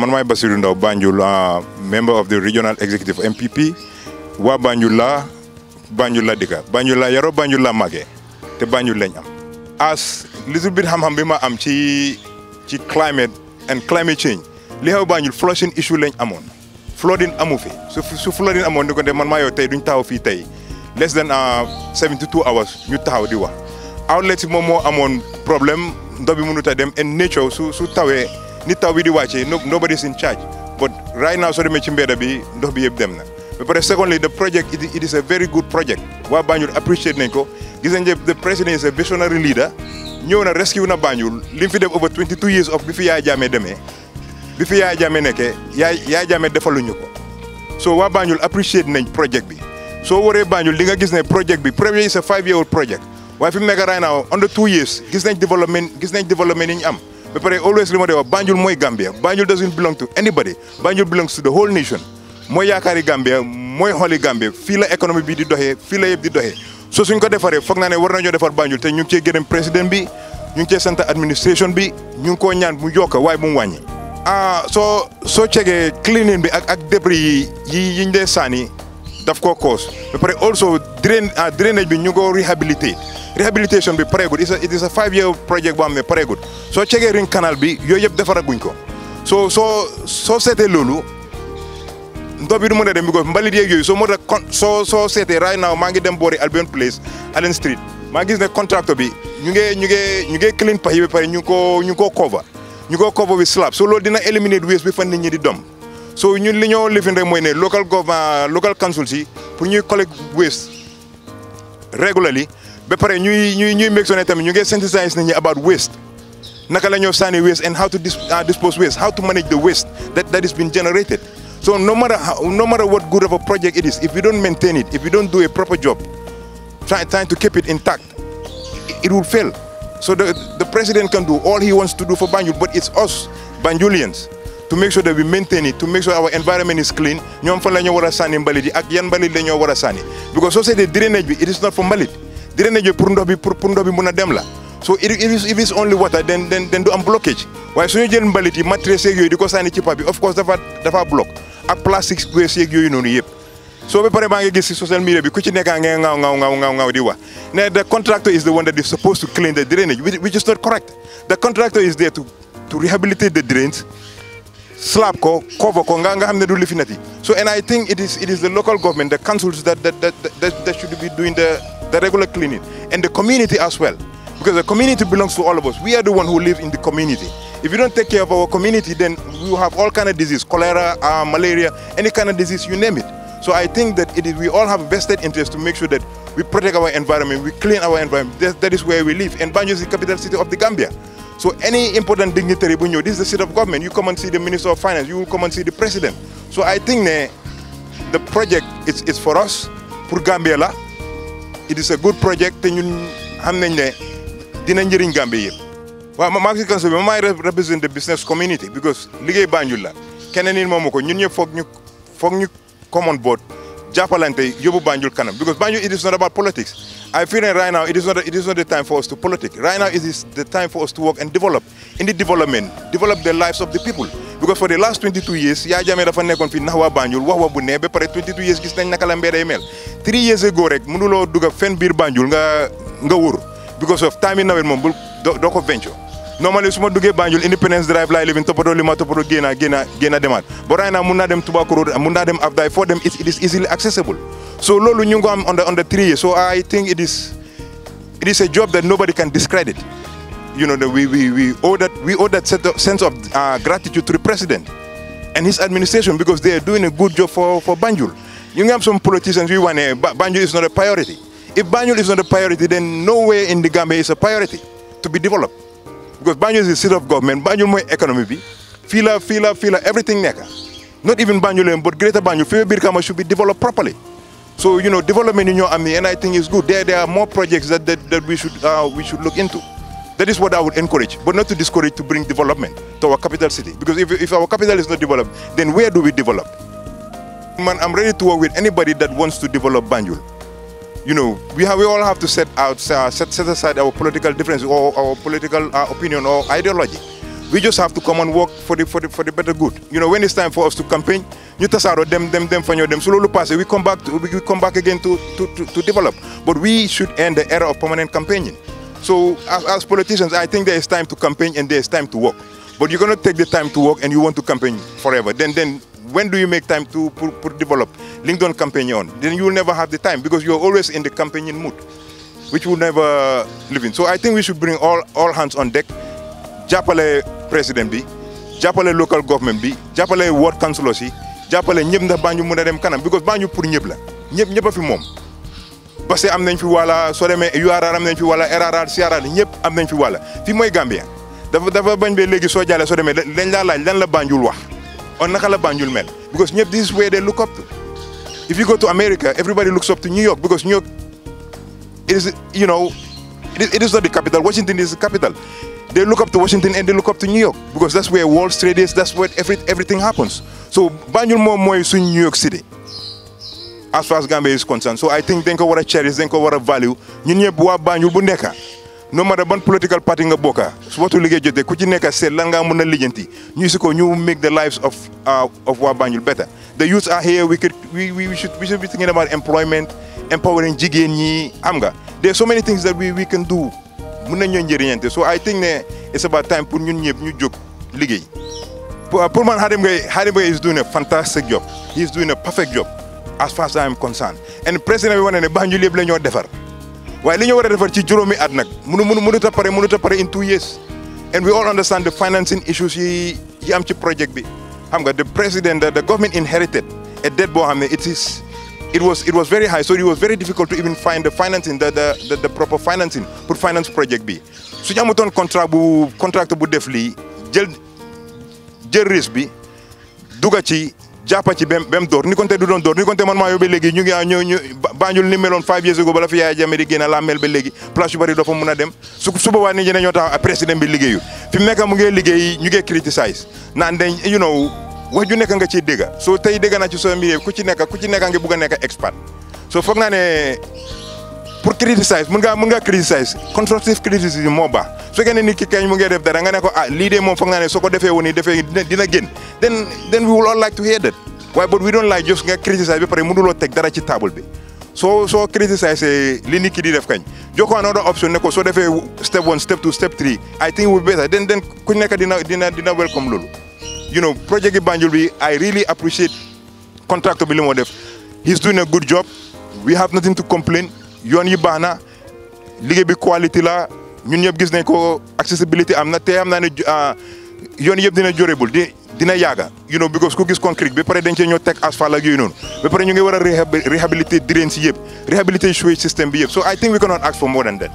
man maay Basirou Ndao Banjul euh, member of the regional executive MPP waa Banjul laa Banjul laa dëkka Banjul yaroo Banjul laa màggee te Banjul lañ am as little bit xam-xam bi ma am ci ci climate and climate change li xew Banjul flooding issue lañ amoon flooding amu fi su su flooding amoon ni ko man maa yow tey duñ taxaw fii tey less than euh, hours ñu taxaw di wax outlet moom moo amoon problème ndox bi mënut a dem and nature su su tawee nit taw bi nobody's in charge but right now sorry, demee ci mbedda bi ndox bi yëpp dem na but secondly the project it is a very good project waa Banyul appreciate nañ ko gis nañ the president is a visionary leader ñëw na rescue na Banjul li fi def over 22 years of bi fi Yaya Jammeh demee bi fi Ya Jammeh nekkee yaay Yaya Jammeh defaluñu ko so waa Banyul appreciate nañ project bi So waree Banyul. di nga gis ne project bi premier is a five year old project waaye fi mu right now under two years gis nañ development gis nañ development yi am ba pare always li ma dee wax Banjul mooy Gambia Banjul doesn't belong to anybody Banjul belongs to the whole nation mooy yaakaari Gambia mooy xooli Gambia fii la économie bi di doxee fii la yëpp di doxee so suñ ko defaree foog naa ne war nañoo defar Banjul te ñu ngi cee gërëm président bi ñu ngi cee sant administration bi ñu ngi koo ñaan mu yokk waaye bu mu wàññi. Ah, soo soo cegee cleaning bi ak ak débris yi yi yiñ dee saani daf koo cause ba pare also drain ah, drainage bi ñu ko réhabilité réhabilitation bi pareegul it is a five year project boo xam ne pareegul soo cegee ring canal bi yooyu yëpp defaraguñ ko soo soo soo seetee loolu ndox bi du mën a dem because mbalit yeeg yooyu soo mën soo soo seetee right now maa ngi dem boori Albion Place Allen Street maa gis ne contractor bi ñu ngi ñu ngi ñu ngi clean pax ñu koo ñu ngi koo cover ñu ngi koo cover with slab so loolu dina éliminer waste bi fan nit ñi di dom so ñun li ñoo lifin rek mooy ne local government local councils yi pour ñuy collect waste regularly ba pare ñuy ñuy ñuy make sure ne tamit ñu ngi sensitize nit about waste naka la ñoo sànni waste and how to uh, dispose waste how to manage the waste that that is been generated so no matter how, no matter what good of a project it is if you don't maintain it if you don't do a proper job try, trying to keep it intact it, it will fail so the, the president can do all he wants to do for Banjul but it's us Banjulians to make sure that we maintain it to make sure our environment is clean ñoom fan la ñoo sànni mbalit yi ak yan mbalit la ñoo sànni because soo seetee drainage bi it is not for mbalit drainage bi pour ndox bi mun a dem la so if if only water then then then du am ñu jël mbalit yi matériels yeeg yooyu di ko sànni ci pax bi of course dafa dafa block ak plastique waste yeeg yooyu noonu yëpp. so ba pare maa ngi gis social media bi ku ci nekk slap ko cover ko nga nga du lifinati so and i think it is it is the local government the councils that that that, that, that should be doing the the regular cleaning and the community as well because the community belongs to all of us we are the one who live in the community if you don't take care of our community then we will have all kind of disease cholera uh, malaria any kind of disease you name it so i think that it is we all have vested interest to make sure that we protect our environment we clean our environment that, that is where we live and banjo is the capital city of the gambia so any important dignitary, this is the seat of government. You come and see the Minister of Finance. You will come and see the President. So I think the project is, is for us, for Gambia It is a good project. Te ñun xam nañ ne dina njëriñ Gambia I Waaw maa represent the business community because liggéey Banjul la. Keneen nit moomu ko common board jàppalante Banjul because Banjul it is not about politics. I feel that right now it is not a, it is not the time for us to politic. Right now it is the time for us to work and develop. In the development, develop the lives of the people. Because for the last years, Yaya Jammeh dafa nekkoon fi nax waa Banjul wax wa bu ne ba pare 22 years gis nañ naka la mbedd yi mel. years ago rek mënuloo dugg fenn biir Banjul nga nga because of time yi nawet moom bul doo ko venture. normally su ma duggee Banjul Independence Drive laay living toppatoo li ma toppatoo génn génn génn right now mun naa dem Tobacco Road mun naa dem So Lolo Nyungo on the on the three. So I think it is it is a job that nobody can discredit. You know, we, we, we owe that we owe that sense of uh, gratitude to the president and his administration because they are doing a good job for, for Banjul. You have some politicians who want uh, Banjul is not a priority. If Banjul is not a priority, then nowhere in the Gambia is a priority to be developed. Because Banjul is the seat of government, Banjul my economy be, fila, fila, fila, everything Not even Banjul, but greater Banjul, Fila Birkama should be developed properly. So you know, development in your army, and I think it's good. There, there are more projects that that, that we should uh, we should look into. That is what I would encourage, but not to discourage to bring development to our capital city. Because if, if our capital is not developed, then where do we develop? Man, I'm ready to work with anybody that wants to develop Banjul. You know, we have we all have to set out uh, set set aside our political difference or our political uh, opinion or ideology. We just have to come and work for the for the for the better good. You know, when it's time for us to campaign ñu tasaaroo dem dem dem fa ñoo dem su loolu passé we come back to, we come back again to, to, to, to develop but we should end the era of permanent campaigning so as, as politicians I think there is time to campaign and there is time to work but you're going to take the time to work and you want to campaign forever then then when do you make time to, to, to develop LinkedIn campaign on? Then you will never have the time because you're always in the campaigning mood, which will never live in. So I think we should bring all, all hands on deck. Japale President B, Japale local government B, Japale ward councillor C, jàppale ñëpp ndax Banjul mën dem kanam because Banjul pour ñëpp la ñëpp ñëpp fi moom parce que am nañ fi wàlla soo demee URR am nañ fi wàlla RRR CRR ñëpp am nañ fi wàlla fii mooy Gambia dafa dafa bañ be léegi soo jàllee soo demee dañ laa laaj lan la Banjul wax on naka la Banjul mel because ñëpp this is they look up to if you go to America everybody looks up to New York because New York it is you know it is, it is not the capital Washington is the capital they look up to Washington and they look up to New York because that's where Wall Street is, that's where every, everything happens. So Banjul more more is in New York City as far as Gambia is concerned. So I think denko wara cherish, denko wara value. Ñun ñëpp wa Banjul bu no matter ban political party in bokka su waxtu liggéey jotee ku ci nekk seet lan ngaa mën make the lives of uh, of waa Banjul better the youth are here we could we, we, should we should be thinking about employment empowering jigéen amga. there are so many things that we we can do mun ñoo njëriñante so I think ne it's about time pour ñun ñëpp ñu jóg liggéey pour man Hadim Gay Hadim Gay is doing a fantastic job he is doing a perfect job as far as I am concerned and président bi wane ne Banjul yëpp la ñoo defar waaye li ñu war a defar ci juróomi at nag munu munu mënut a pare mënut a pare in two years and we all understand the financing issues yi yi am ci project bi xam nga the president the government inherited a debt boo xam ne it is it was it was very high so it was very difficult to even find the financing the the proper financing pour finance project bi su ñu bu contract bu def lii jël jël bi duga ci jàppa ci bem door ni konte du door ni konte man maa yóbbee léegi ñu a ñëw ñu Banjul ni meloon five years ago bala fi Yaya Jammeh di génn laa yu bëri doo fa mun dem su su boobaa nit ñi dañoo tax bi liggéeyu fi mu mu ngi liggéey ñu ngi criticize naan wax ju nekk nga ciy dégg soo tey dégg naa ci soo milieu ku ci nekk ku ci nekk nga bugg a nekk expert soo foog naa ne pour criticiser mën ngaa mën ngaa criticiser constructive criticism moo baax su fekkee ne nit ki mu ngi def dara nga ne ko ah lii de moom foog naa ne soo ko defee woon defee dina génn then then we will all like to hear that waaye but we don't like just nga criticiser ba pare mënuloo teg dara ci table bi soo soo criticiser li nit ki di def kañ jokkoo another option ne ko soo defee step one step two step three I ku nekk dina dina dina welcome loolu. you know project gi I really appreciate contractor bi li he's doing a good job we have nothing to complain yoon yi baax na liggéey quality la ñun ñëpp gis nañ am not. i am not. ne ah, yoon yëpp dina durable di dina yaga. you know because ku gis concrete we pare dañ your tech teg asphalt ak you know. we pare ñu ngi war a réhabilité drain si sewage system bi so I think we cannot ask for more than that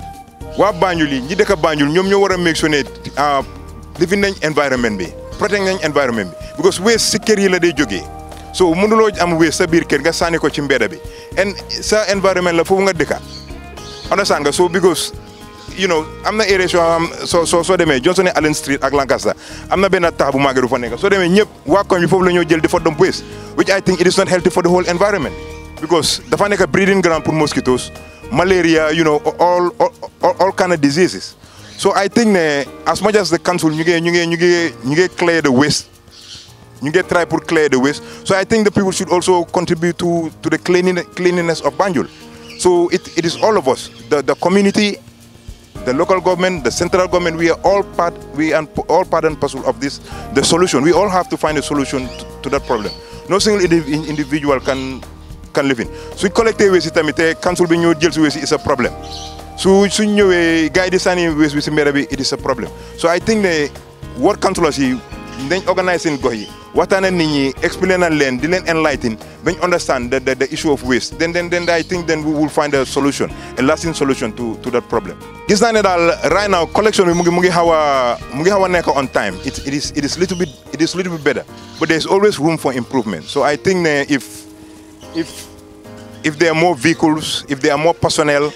What banjuli? yi ñi dëkk Banjul ñoom ñoo war make sure ne lifin ah, nañ environment be. protect nañ environment bi because waste si kër yi la day jógee so mënuloo am waste sa biir kër nga sànni ko ci mbedd bi and sa environment la foofu nga dëkka understand nga so because you know am na areas soo soo soo demee Johnson Allen Street ak Lancaster am na benn tax bu màggee du fa nekk soo demee ñëpp waa koñ bi foofu la ñoo jël di fa dump waste which I think it is not healthy for the whole environment because dafa nekk breeding ground pour so I think as much as the council you get, you get, you get, you get clear the waste you get try to clear the waste so I think the people should also contribute to to the cleanliness cleanliness of Banjul so it it is all of us the the community the local government, the central government, we are all part, we are all part and parcel of this, the solution. We all have to find a solution to, to that problem. No single indiv individual can can live in. So collective waste, council being deals with it's a problem. So, suñ ñëwee guy designing di sànni it is a problem so I think the ward councillors yi dañ organise seen gox yi waxtaan ak nit ñi explain na leen di leen enlighten bañ understand the the issue of waste then then then I think then we will find a solution a lasting solution to to that problem. This naa ne right now collection bi mu ngi mu on time it it is it is little bit it is little bit better but there is always room for improvement so I think if if if there are more vehicles if there are more personnel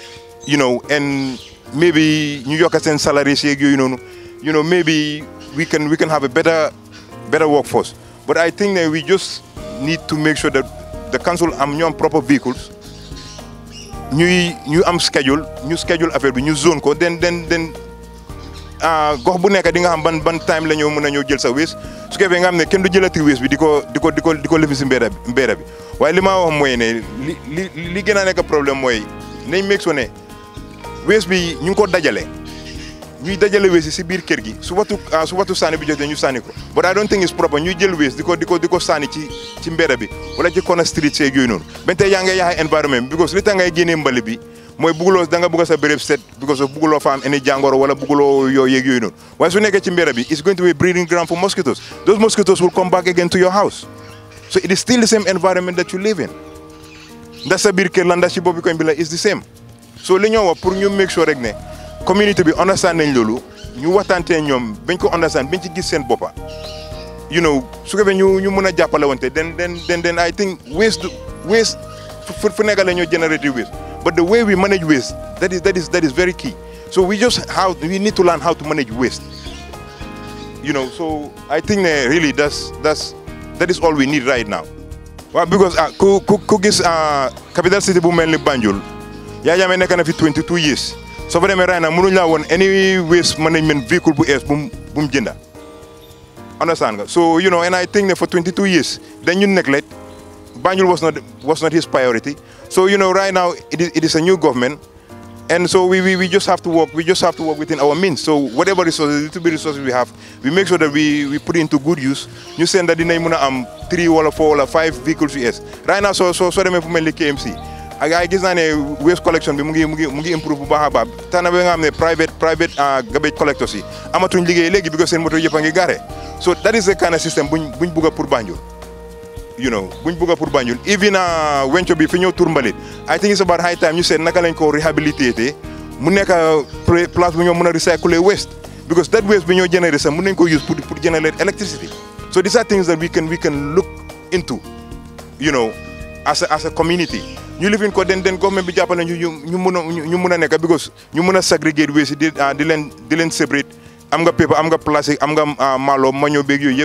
you know, and maybe New Yorkers and salaries, you know, you know, maybe we can we can have a better better workforce. But I think that we just need to make sure that the council am ñu proper vehicles New new am schedule new schedule available new ñu zone Then then then ah gox bu nekk di nga xam ban ban time la ñoo mën a ñëw jël sa wees su ko nga xam ne kenn du jëlati wees bi diko diko diko ko di ko di ko lëfi si bi mbéera bi wax mooy ne li li li gën a nekk problème mooy nañ meeg so ne wees bi ñu ngi ko dajale ñuy dajale wees yi si biir kër gi su watu ah, su watu sànni bi jotee ñu sànni ko but I don't think it's proper ñuy jël wees Diko diko diko ko di ko sànni ci ci mbedd bi wala ci corner street seeg yooyu noonu ben tey yaa ngay environment because li tax ngay génnee mbali bi mooy bugguloo da nga bugg sa béréb set because of bugguloo fa am any jàngoro wala bugguloo yoo yeeg yooyu noonu waaye su nekkee ci mbedd bi it's going to be breeding ground for mosquitoes those mosquitoes will come back again to your house so it is still the same environment that you live in ndax sa biir kër la ndax ci boobu koñ bi is the same so li ñoo wax pour ñu make sure rek ne communauté bi understand nañ loolu ñu waxtaantee ñoom bañ ko understand bañ ci gis seen boppa you know su ko defee ñu ñu mën a then den den den den I think waste waste fu fu any la ñoo generate waste but the way we manage waste that is that is that is very key so we just how we need to learn how to manage waste you know so I think ne really that's that's that is all we need right now waaw because ah ku ku ku gis ah, capital city bu mel ni Banjul Yaya Jammeh nekk na fi 22 years so fa demee right now mënuñ laa woon any waste management vehicle bu ees bu mu jënda understand nga so you know and I think that for 22 years then you neglect Banjul was not was not his priority so you know right now it is, it is a new government and so we, we, we just have to work we just have to work within our means so whatever resources little bit resources we have we make sure that we, we put into good use ñu seen da dinañ mën i am three wala four wala five vehicles yes right now so so soo i fu mel ni KMC ak gis ne waste collection bi mu ngi mu ngi improve bu nga private ah, garbage amatuñ liggéey léegi bi ko seen moto yëpp a ngi garé so that is the kind of system buñ buñ bugg pour Banjul you know buñ bugg pour Banjul even ah, wenco bi fi ñëw tur mbalit I think it's about high time ñu seet naka lañ ko réhabilité mu nekk place bu ñoo mën a recycler waste because that waste bi ñoo généré sax mën nañ ko use pour pour generate electricity so these are things that we can we can look into you know as a as a community you live in Codden then government bi jàppale ñu ñu mun a ñu mun a nekk because ñu mun a segregate waste di ah, di leen di leen separate am nga paper am nga plastic am nga malo ah, maño beeg yooyu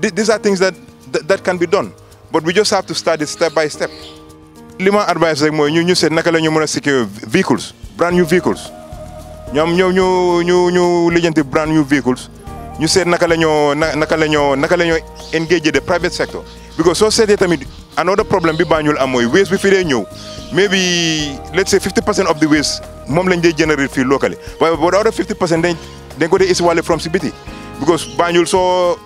yëpp these are things that that can be done but we just have to start it step by step. li ma advice rek mooy ñu ñu seet naka la ñu mën a secure vehicles brand new vehicles ñoom ñoo ñu ñu ñu lijjanti brand new vehicles ñu seet naka la ñoo naka la ñoo naka la ñoo engage the private sector. because soo seetee tamit another problem bi Banjul am mooy bi fi dee ñëw maybe let's say 50 percent of the waste moom lañ dee generate fii locally waaye boo daaw 50 percent dañ dañ ko dee isiwaale from si biti because Banjul soo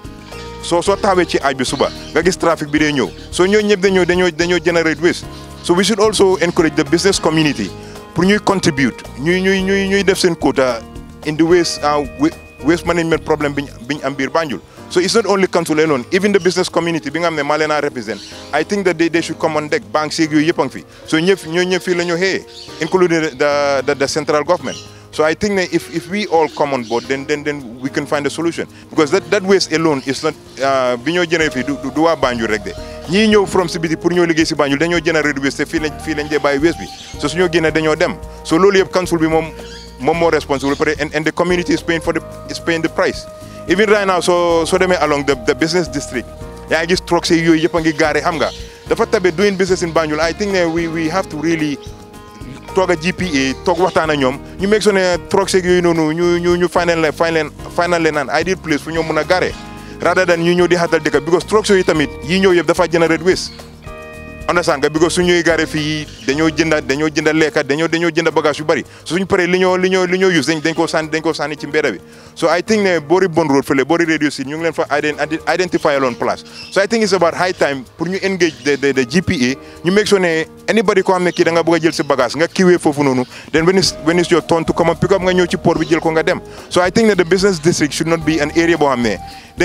soo soo taxawee ci aaj bi suba nga gis trafic bi dee ñëw soo ñoo ñëpp dañoo dañoo dañoo generate waste so we should also encourage the business community pour ñuy contribute ñuy ñuy ñuy ñuy def seen quota in the waste uh, waste management problem biñ biñ am biir Banjul So it's not only council alone, even the business community, being I'm the Malena represent, I think that they, they should come on deck, banks, so including the, the, the central government. So I think that if, if we all come on board, then, then, then we can find a solution. Because that, that waste alone is not, uh, binyo ñoo do fii du du waa Banjul rek ñëw from si biti pour ñoo liggéey si Banjul dañoo génne waste te fii lañ fii lañ dee bàyyi bi so su génne dañoo dem so loolu yëpp council bi moom moom moo responsible and the community is paying for the is paying the price even right now so so they demee along the the business district Yeah, yaa ngi gis you you yëpp a ngi The fact that we're doing business in Banjul I think that we we have to really talk a GPA toog waxtaan ak ñoom You make sure that troxe say you know you you you finally final finally final ideal place for ñoom mun a rather than you know they ñëw di xatal you because troxe You know you have the fact generate waste understand nga bi ko suñuy gare fii dañoo jënda dañoo jënda dañoo jënda bagage yu bëri suñu paree li ñoo li ñoo li ñoo use dañ dañ koo sànni dañ koo sànni ci mbedda bi so I think ne boori bon road fële boori radio si ñu ngi fa identify loon place so I think it's about high time pour ñu engage the GPA ñu make sure ne anybody ko xam ne kii da nga a jël sa bagage nga kiiwee foofu noonu then when is your turn to come and nga ñëw ci port bi jël ko nga dem so I think that the business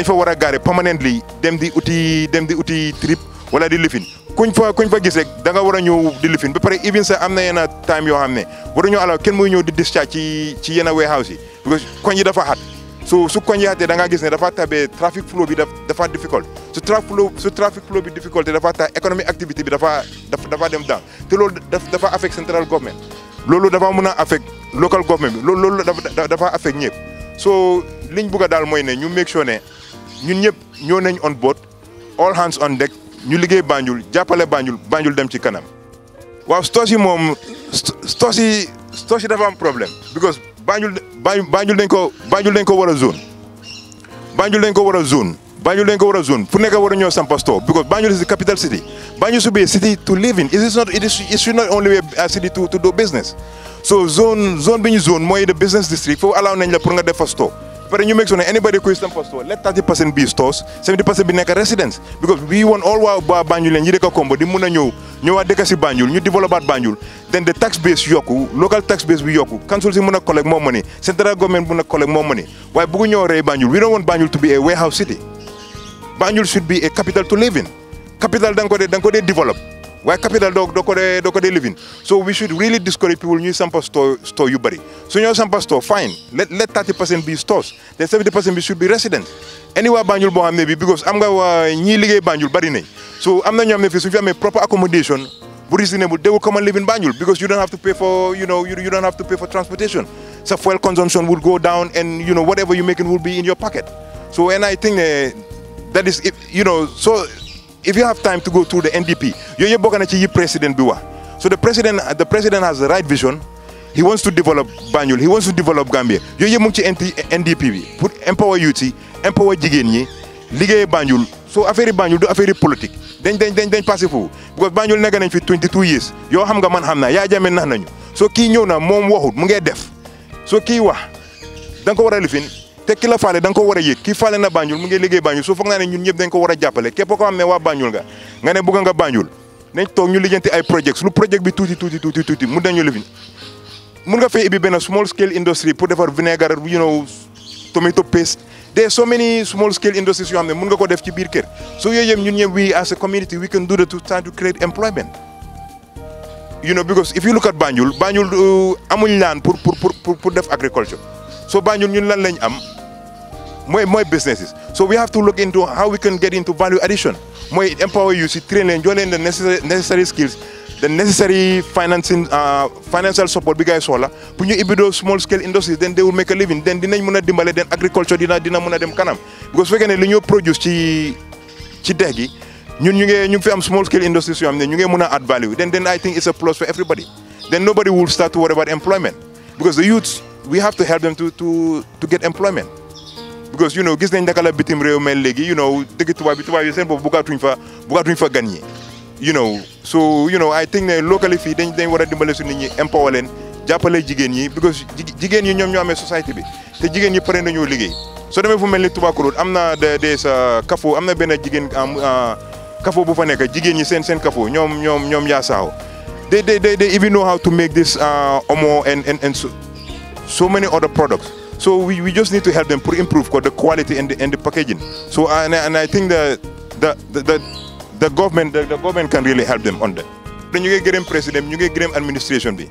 a gare permanently kuñ fa kuñ fa gis rek da war a ñëw di lifin ba pare even sax am na yenn time yoo xam ne waruñoo allow kenn muy ñëw di discharge ci ci yenn warehouse yi parce que koñ yi dafa xat su su koñ yi xatee da nga gis ne dafa tabee trafic flow bi dafa difficult su trafic flow su trafic flow bi difficulté dafa tax économique activité bi dafa dafa dem down te loolu dafa affect central government loolu dafa mën a affect local government bi loolu loolu dafa dafa affect ñëpp so liñ bëgg a daal mooy ne ñu make sure ne ñun ñëpp ñoo nañ on board all hands on deck ñu liggéey baañul jàppale Banjul Banjul dem ci kanam waaw stoos yi moom stoos yi stoos yi dafa am problème because Banjul Banjul dañ ko Banjul dañ ko war a zone Banjul dañ ko war a zone Banjul dañ ko war a zone fu a ñëw sampa store because is capital city Banjul should a city to live in it is not it is it should not only be a city to do business so zone bi ñu zone mooy the business district foofu allow nañ la pour nga def fa store But you make sure anybody who is temple store, let 30% stores, 70% be a residence. Because we want all our Banjul and Yideka combo, the Muna Nyo, Nyo Adekasi Banjul, New Develop Banjul. Then tax base Yoku, local tax base we Yoku, councils Muna collect more money, central government Muna collect more money. Why Bugunyo Re Banjul? We don't want Banjul to be a warehouse city. Banjul should be a capital to live in. Capital Dankode Dankode develop. Why capital do do ko do living so we should really discourage people new sampa store store yu So su ñoo sampa store fine let let 30 percent be stores Then 70 percent should be resident Anywhere Banjul boo maybe because i am going to uh, new liggéey Banjul bëri nañ so am na ñoo xam ne fii suñu fi proper accommodation they will come and live in Banjul because you don't have to pay for you know you, you don't have to pay for transportation so fuel consumption would go down and you know whatever you're making will be in your pocket so and I think uh, that is you know so if you have time to go through the NDP yooyu yëpp bokk na ci yi président bi wax so the president the president has the right vision he wants to develop Banjul he wants to develop Gambia yooyu yëpp mu ci NDP bi pour empower youth empower jigéen ñi liggéey Banjul so affaire yi Banjul du affaire yi politique dañ dañ dañ dañ passé foofu because Banjul nekk nañ fi years yoo xam nga man xam naa yaa jamee nax nañu so kii ñëw na moom waxut mu ngee def so kii wax da nga ko war a lifin te ki la faale da ko war a yëg ki faale na Banjul mu ngi liggéey Banjul su foog naa ne ñun ñëpp dañ ko war a jàppale képp ko am ne waa Banjul nga nga ne bëgg nga Banjul nañ toog ñu lijjanti ay projets lu projet bi tuuti pour defar vinaigre you know tomato paste there so many small nga ko def ci biir kër so yooyu yëpp ñun ñëpp we as a community we can do that to try to create uh, laan pour pour pour pour def agriculture so Banjul ñun lan lañ am. More businesses so we have to look into how we can get into value addition More empower you to train leen jox the necessary skills the necessary financing uh, financial support Big guys, soxla pour ñu ibbi doo small scale industries then they will make a living then dinañ mën dimbale then agriculture dina then mën dem kanam because we can ne li produce chi chi dex gi you ñu ngi fi am small scale industries yoo xam ne ñu ngi add value then then I think it's a plus for everybody then nobody will start to worry about employment because the youths we have to help them to to to get employment. because you know gis nañ naka la bitim réew mel léegi you know dëgg tubaab bi tubaab yi seen bopp bugaatuñ fa bugaatuñ fa gan yi you know so you know fii dañ dañ war a dimbale su nit ñi empower leen jàppale jigéen ñi because jigéen ñi ñoom ñoo amee société bi te jigéen ñi pare nañoo liggéey soo demee fu mel ni Tubakuloon am na des euh, kafo am na benn jigéen euh, bu fa nekk jigéen ñi seen seen ñoom ñoom ñoom yaa saaw they they they even know how to make this euh, omo and so many other products So we, we just need to help them to improve the quality and packaging. So and, I think the the the, the government the, government can really help them on that. ñu ngi gërëm président ñu ngi gërëm administration bi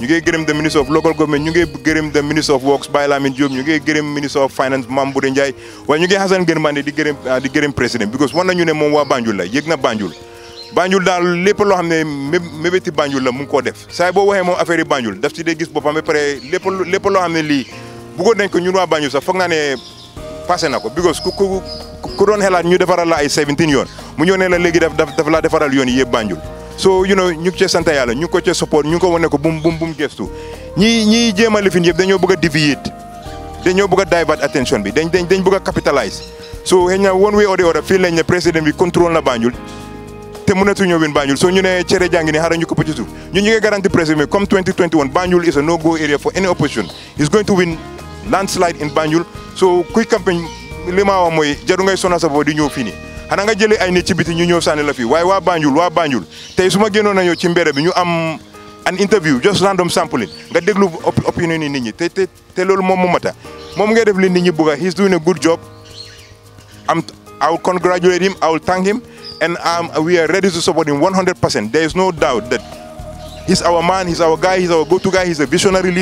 ñu ngi gërëm the minister of local government ñu ngi gërëm the minister of works Baye Lamine Diop ñu ngi gërëm minister of finance Mame Boudé Ndiaye waaye ñu ngi xasan gën di gërëm di because wan nañu ne moom waa Banjul la yëg na mu ngi koo def saa boo waxee moom affaire yi Banjul daf ci dee gis boppam lépp lépp loo lii bëggoon nañ ko ñun waa Banjul sax foog naa ne passé na ko because ku doon xelaat ñu defaral la yoon mu ñëw ne la léegi daf daf laa yoon yi yëpp so you know ñu cee sant yàlla ñu ko cee support ñu ngi ko wane ko bum bum bum gestu ñi ñiy jéem a lifin yëpp dañoo bëgg divert attention bi dañ dañ a capitalize so xëy na one way or the other fii lañ ne président bi contrôle na Banjul te mënatuñoo win Banjul so ñu ne cere jàngi ni xaaral ñu ko ci landslide in Banjul so kuy campagne li maa wax mooy jaru ngay sonal sa di ñëw fii nii xanaa nga jëlee ay nit ci biti ñu ñëw sànni la fii waaye waa Banjul waa Banjul tey su ma génnoon nañoo ci mbedd bi ñu am an interview just random sampling nga déglu opinion yi nit ñi te te te loolu moom mata moom ngay def li nit ñi bëgg a he's doing a good job am I will congratulate him I will thank him and we are ready to support him 100% there is no doubt that he's our man he's our guy he's our go-to guy he's a visionary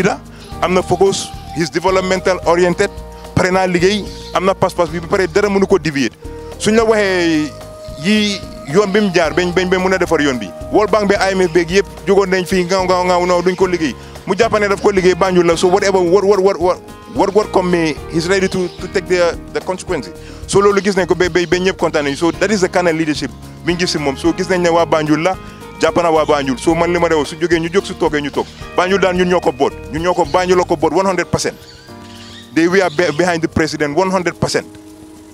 am na focus he's developmental oriented pare naa liggéey am na pas-pas bi ba pare dara mënu ko dévier suñ la waxee yii yoon bi mu jaar bañ bañ ba mën a defar yoon bi World Bank bi IMF beeg yëpp jógoon nañ fi ngaaw ngaaw ngaaw no duñ ko liggéey mu jàppane daf ko liggéey Banjul la so whatever war war war war war war comme mais he's ready to to take the the consequences so loolu gis nañ ko ba ba ba ñëpp kontaan nañu so that is the kind leadership bi gis si moom so gis nañ ne waa Banjul la jàpp naa waa Banjul soo man li jógee ñu jóg su toogee ñu toog Banjul daal ñun ñoo ko boot ñun ñoo ko Banjul la ko boot 100 percent they we are behind the president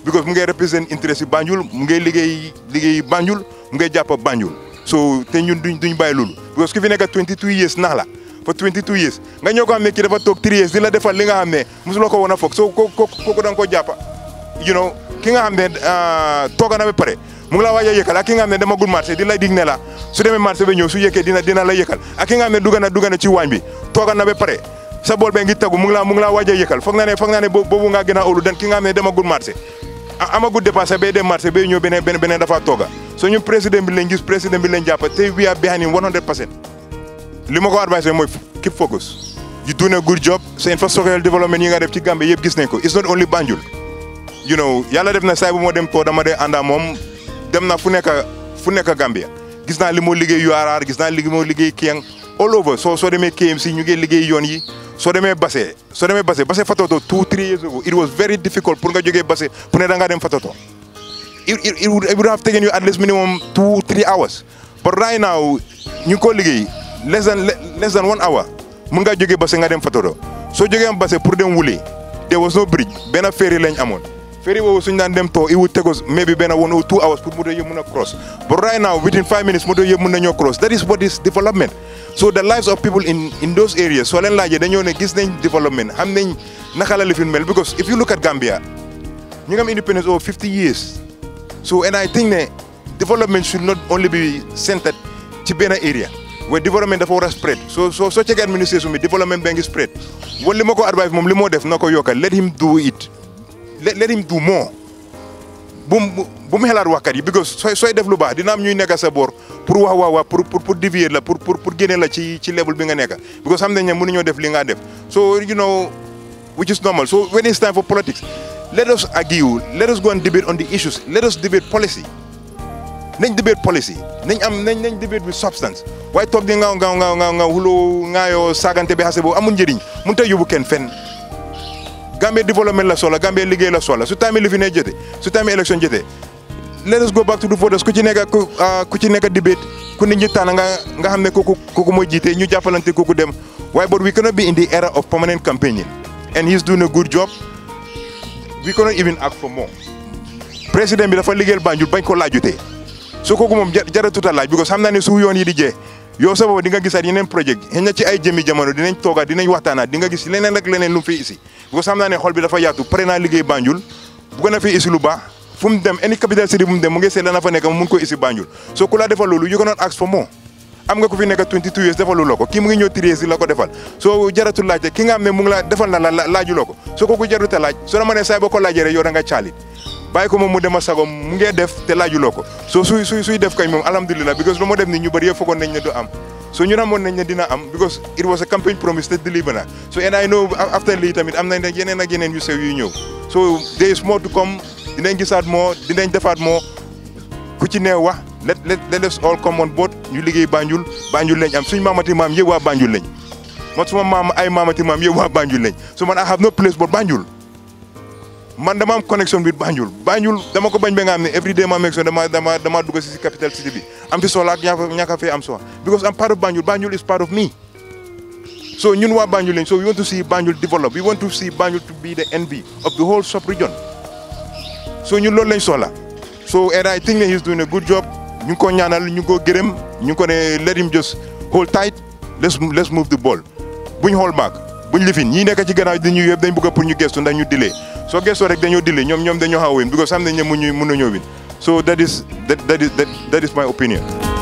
because mu ngay represent interest yi mu ngay liggéey liggéey Banjul mu ngay jàpp Banjul so te ñun duñ duñ bàyyi loolu because ki fi nekk 22 years nax la for 22 years nga ñoo ko xam ne ki toog 3 years di defal li nga xam ne su ko woon a foog soo ko ko kooku ko jàppa you know ki nga xam ne ah, tooga na ba pare mu ngi laa a yëkkal ak ki ne demagul marché di lay dig ne la su demee marché ba ñëw su yëkkee dina dina la yëkkal ak ki ne dugg na ci waañ bi toogal na pare sa bool ngi tegu mu ngi laa a yëkkal foog na ne foog na ne boobu ngaa gën a óolu dan ki nga xam ne demagul dem marché bay ñëw beneen beneen tooga so ñu président bi lañ gis président bi lañ jàpp te we are li ma ko advisé mooy keep focus you doing job def ci Gambie yëpp gis nañ ko it's not only na saay bu moo dem too dama dem na fu nekk fu nekk Gambia gis naa li moo liggéey Yuwaraar gis na li moo liggéey Kiyang all over soo soo demee si ñu ngi liggéey yoon yi soo demee Basse soo demee Basse Basse Fatoto two three years ago it was very difficult pour nga jógee Basse pour ne da ngaa dem Fatoto it it would have taken you at least minimum two three hours but right now ñu ngi ko liggéey less than less than one hour mun ngaa jógee Basse nga dem Fatoto soo jógee Basse pour dem Wuli there was no bridge benn ferry lañ amoon. ferry woowu suñu daan dem to it would take us maybe benn one or two hours pour moto yëpp cross but right now within five minutes moto yëpp cross that is what is development so the lives of people in in those areas so leen laajee dañoo ne gis nañ development xam nañ naka la lifin mel because if you look at Gambia ñu ngi independence over 50 years so and I think that development should not only be centered ci benn area where development dafa war spread so so so check administration bi development baa spread wala li advise ko advice def Nako ko let him do it. let, let him do more bu mu bu mu xelaat waxkat yi because sooy sooy def lu baax dina am ñuy nekk sa boor pour wax waa waa pour pour dévier la pour pour pour génne la ci ci level bi nga nekk because xam nañ ne mënuñoo def li nga def so you know which is normal so when it's time for politics let us argue let us go and debate on the issues let us debate policy nañ debate policy nañ am nañ nañ debate with substance waaye toog di nga nga nga nga nga xuloo ngaayoo saagante bi xase boobu amul njëriñ mënut a kenn fenn. Gambia development la soxla Gambia liggéey la soxla su time lifi ne jotee su time élection jotee let us go back to the voters ku ci nekk ah, ku ci nekk debate ku nit ñi tànn nga nga xam ne kooku kooku mooy jiite ñu jàppalante ku dem waaye but we cannot be in the era of permanent campaigning and he's doing a good job we cannot even ask for more président bi dafa liggéeyal Banjul bañ ko laajutee su kooku moom jaratuta laaj because xam naa ne su yoon yi di jee yow sa boobu di nga gisaat yeneen projet xëy ci ay jëmi jamono dinañ toogaat dinañ waxtaanaat di gis leneen rek leneen lu mu fi isi bu ko xam naa ne xol bi dafa yaatu pare naa liggéey Banjul bu gën a fi isi lu baax fu mu dem any capital city bu mu dem mu ngi seet lana fa nekk mu mun ko isi Banjul soo ku laa defal loolu you cannot ask for more am nga ko fi nekk 22 years defalu loo mu ngi ñëw 3 la ko defal soo jaratul ne mu laaj soo la nga caalit bàyyi ko moom mu dem a sagom mu ngee def te laajuloo ko soo suy suy suy def kañ moom alhamdulilah because lu ma def ni ñu bëri yëpp foogoon nañ ne du am so ñu ramoon nañ ne dina am because it was a campaign promise te deliver na so and I know after lii tamit am na ne yeneen ak yeneen yu sew yuy ñëw so there is more to come dinañ gisaat moo dinañ defaat moo ku ci ne wax let let let us all come on board ñu liggéey Banjul Banjul lañ am suñ maamati maam yëpp waa Banjul lañ man suma maam ay maamati maam yëpp waa Banjul lañ so man I have no place but Banjul man dama am connexion biir Banjul Banjul dama ko bañ ba nga am ne every day ma am connexion dama dama dama dugg si capital city am ci soxla ak ñàkk a fee am soxla because I'm part of Banjul Banjul is part of me so ñun waa Banjul lañ so we want to see Banjul develop we want to see Banjul to be the envy of the whole sub region so ñun loolu lañ soxla so and I think that he's doing a good job ñu ko ñaanal ñu ngi ko gërëm ñu ngi ko ne let him just hold tight let's let's move the ball buñ hold back buñ lifin nekk ci gannaaw di ñu yëpp dañ bëgg ñu gestu ndax ñu delay soo gëstoo rek dañoo delay ñoom ñom dañoo xaw a win because xam nañ ne mu ñuy mën a so that is my opinion.